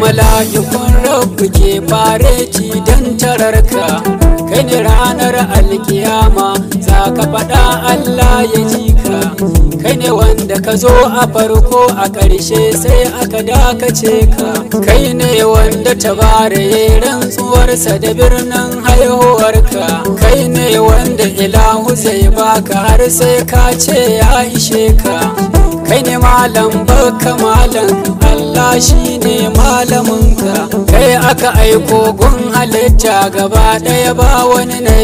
da kun rabu ke fareci don tararka kai ne ranar alkiyama za ka faɗa Allah ya ji ka kai ne wanda ka zo a farko a ƙarshe sai aka dakace ka kai ne wanda ta tabaraye rantsuwarsa da birnin haihuwarka kai ne wanda ilahu zai baka har sai ka ce ya ishe ka kai ne malam baka malam Allah shine ne ka kai aka aiko gun halitta gaba ɗaya ba wani na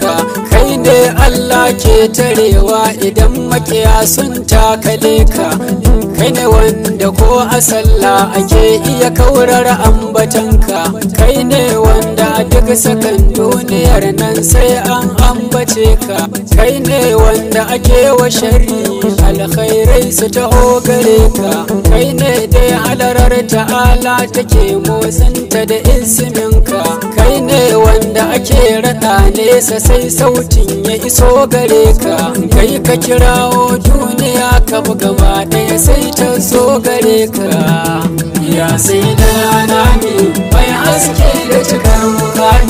ka kai ne Allah ke tarewa idan makiya sun takale ka kai ne wanda ko a sallah ake iya kaurar ambatanka kai ne wanda duk sakan duniyar nan sai an ambace ka kai ne wanda ake wa shari alkhairai su taho gare ka kai ne dai halarar ta'ala take motsinta da isminka kai ne wanda ake raɗa nesa sai sautin ya iso gare ka kai ka kirawo duniya ka buga ɗaya sai ta so gare ka ya sai da ne. mai haske da cikar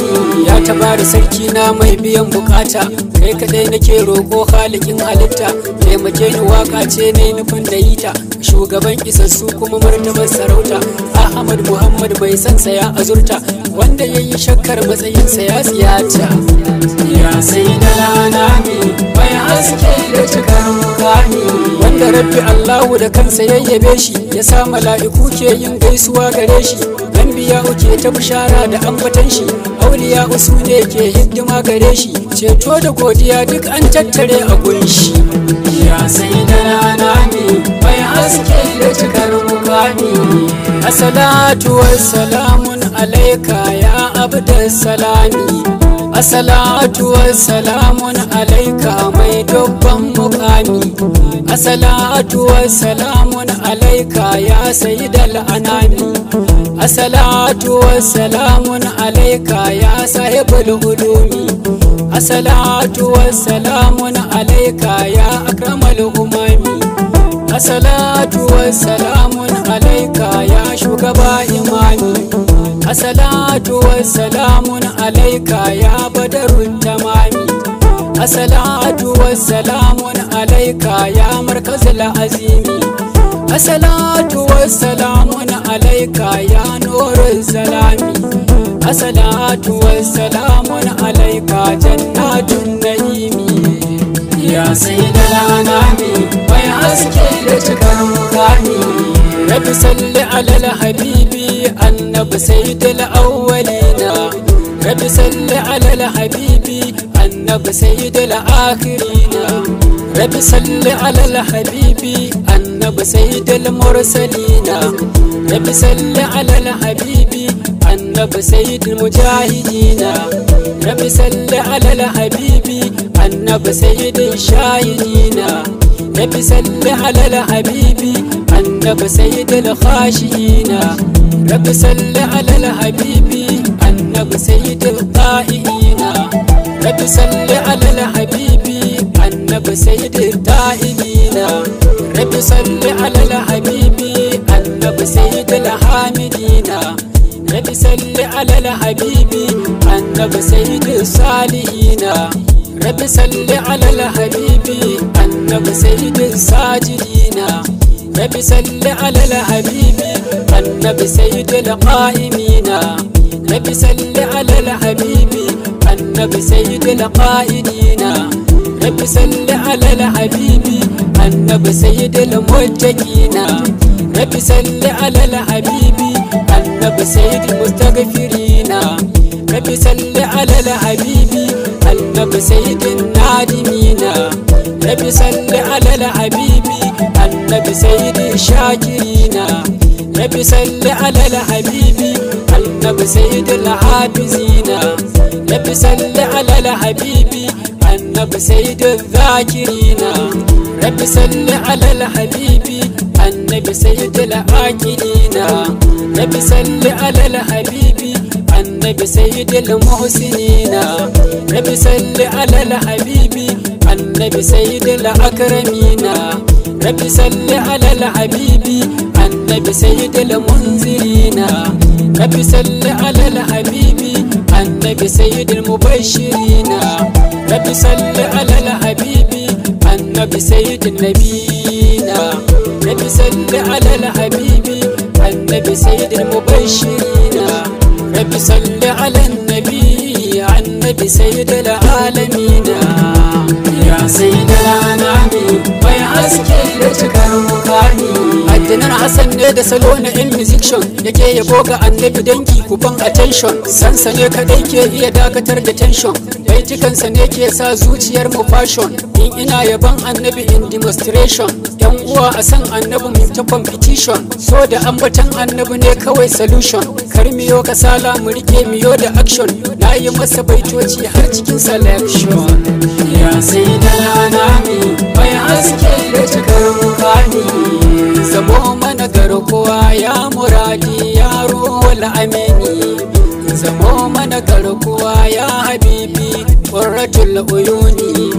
ya taba da sarki na mai biyan bukata kai kadai nake roƙo halikin halitta taimake ni waka ce ne nufin da ita. shugaban isassu kuma martaban sarauta ahmad muhammad bai san saya azurta wanda ya yi shakkar sa ya siyata ya sai da ne. mai haske da cikar da rabbi Allahu da kansa ya yabe shi ya sa mala'iku ke yin gaisuwa gare shi anbiya ke ta bishara da ambatan shi auliya su ne ke hidima gare shi ceto da godiya duk an tattare a shi ya sai da ni mai haske da cikar mukami assalatu wassalamun alaika ya abdus salami asalatu wassalamun alaika mai dubban mukami asalatu wassalamun alaika ya sayyidal anami asalatu wassalamun alaika ya sahibul ulumi asalatu wassalamun alaika ya akramal umami asalatu wassalamun alaika ya shugaba imami wa salamun alaika ya badarun tamami wa salamun alaika ya markazul azimi wa wassalamun alaika ya nurul salami Assalatu wassalamun alaika jannatun na'imi Ya sayyidal anami bai haske da cikar mukami Rabbi salli alal habibi رب سيد الأولين رب صل على الحبيب النبي سيد الآخرين رب صل على الحبيب النبي سيد المرسلين رب صل على الحبيب النبي سيد المجاهدين رب صل على الحبيب النبي سيد الشاهدين رب صل على الحبيب annabi sayyidul khashina rabbi salli alal habibi annabi sayyidul qa'ina rabbi salli alal habibi annaba sayyidul ta'ina rabbi salli alal habibi annabi sayyidul hamidina rabbi salli alal habibi annabi sayyidul salihina rabbi salli alal habibi annabi sayyidul sajidi النبي صل على الحبيب النبي سيد القائمين النبي صل على الحبيب النبي سيد القائدين النبي صل على الحبيب النبي سيد المتقين النبي صل على الحبيب النبي سيد المستغفرين النبي صل على الحبيب النبي سيد النادمين النبي صل على الحبيب النبي سيد الشاكرين نبي صل على الحبيب النبي سيد العابزين نبي صل على الحبيب النبي سيد الذاكرينا نبي صل على الحبيب النبي سيد العاكرين نبي صل على الحبيب النبي سيد المحسنين نبي صل على الحبيب النبي سيد الأكرمين نبي صل على الحبيب النبي سيد المنذرين نبي صل على الحبيب النبي سيد المبشرين نبي صل على الحبيب النبي سيد النبيين نبي صل على الحبيب النبي سيد المبشرين نبي صل على النبي النبي سيد العالمين haske da cikar rukani addinar hassan ne da salo na in musician yake yabo ga annabi dangi ku ban attention sansa ne kadai ke iya dakatar da tension baitikansa ne ke sa zuciyar mu fashion in ina yaban annabi in demonstration yan uwa a san annabi mu ta competition so da ambatan annabi ne kawai solution kar miyo kasala mu rike miyo da action na yi masa baitoci har cikin selection ya sai da mi bai haske da cikar mukani zamo mana garkuwa ya muradi yaro wala amini zamo mana garkuwa ya habibi ƙurratul uyuni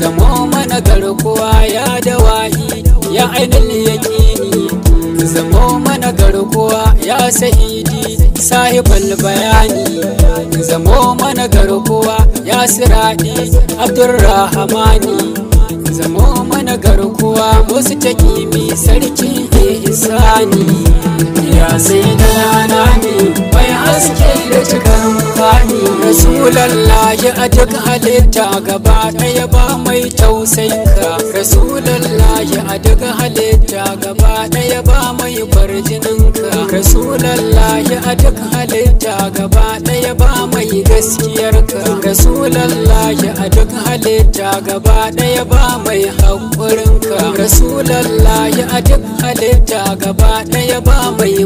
zamo mana garkuwa ya dawa'i ya ainihin yaƙini zamo mana garkuwa ya sa'idi sahibal bayani zamo mana garkuwa ya siraɗi abdurrahamani zamo mana garkuwa musu mai sarki ne ya sai da nani bai haske da cikar rasulallahi a duk halitta gaba ɗaya ba mai ka rasulallahi a duk halitta gaba ɗaya ba mai ka rasulallahi a duk halitta gaba ɗaya ba mai gaskiyarka rasulallahi a duk halitta gaba ɗaya ba mai ka rasulallahi a duk halitta gaba ɗaya ba mai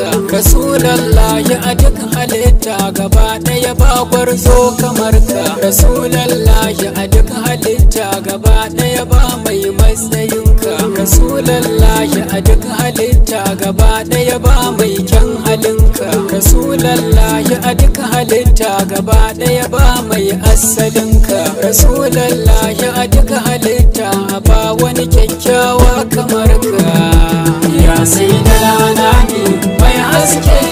ka rasulallahi a duk halitta gaba ɗaya ya ba gwarzo kamar ka rasulallah a duk halitta gaba daya ba mai matsayin matsayinka rasulallah a duk halitta gaba daya ba mai kyan halin ka rasulallah a duk halitta gaba daya ba mai asalin asalinka rasulallah a duk halitta ba wani kyakkyawa kamar ka ya sai na mai haske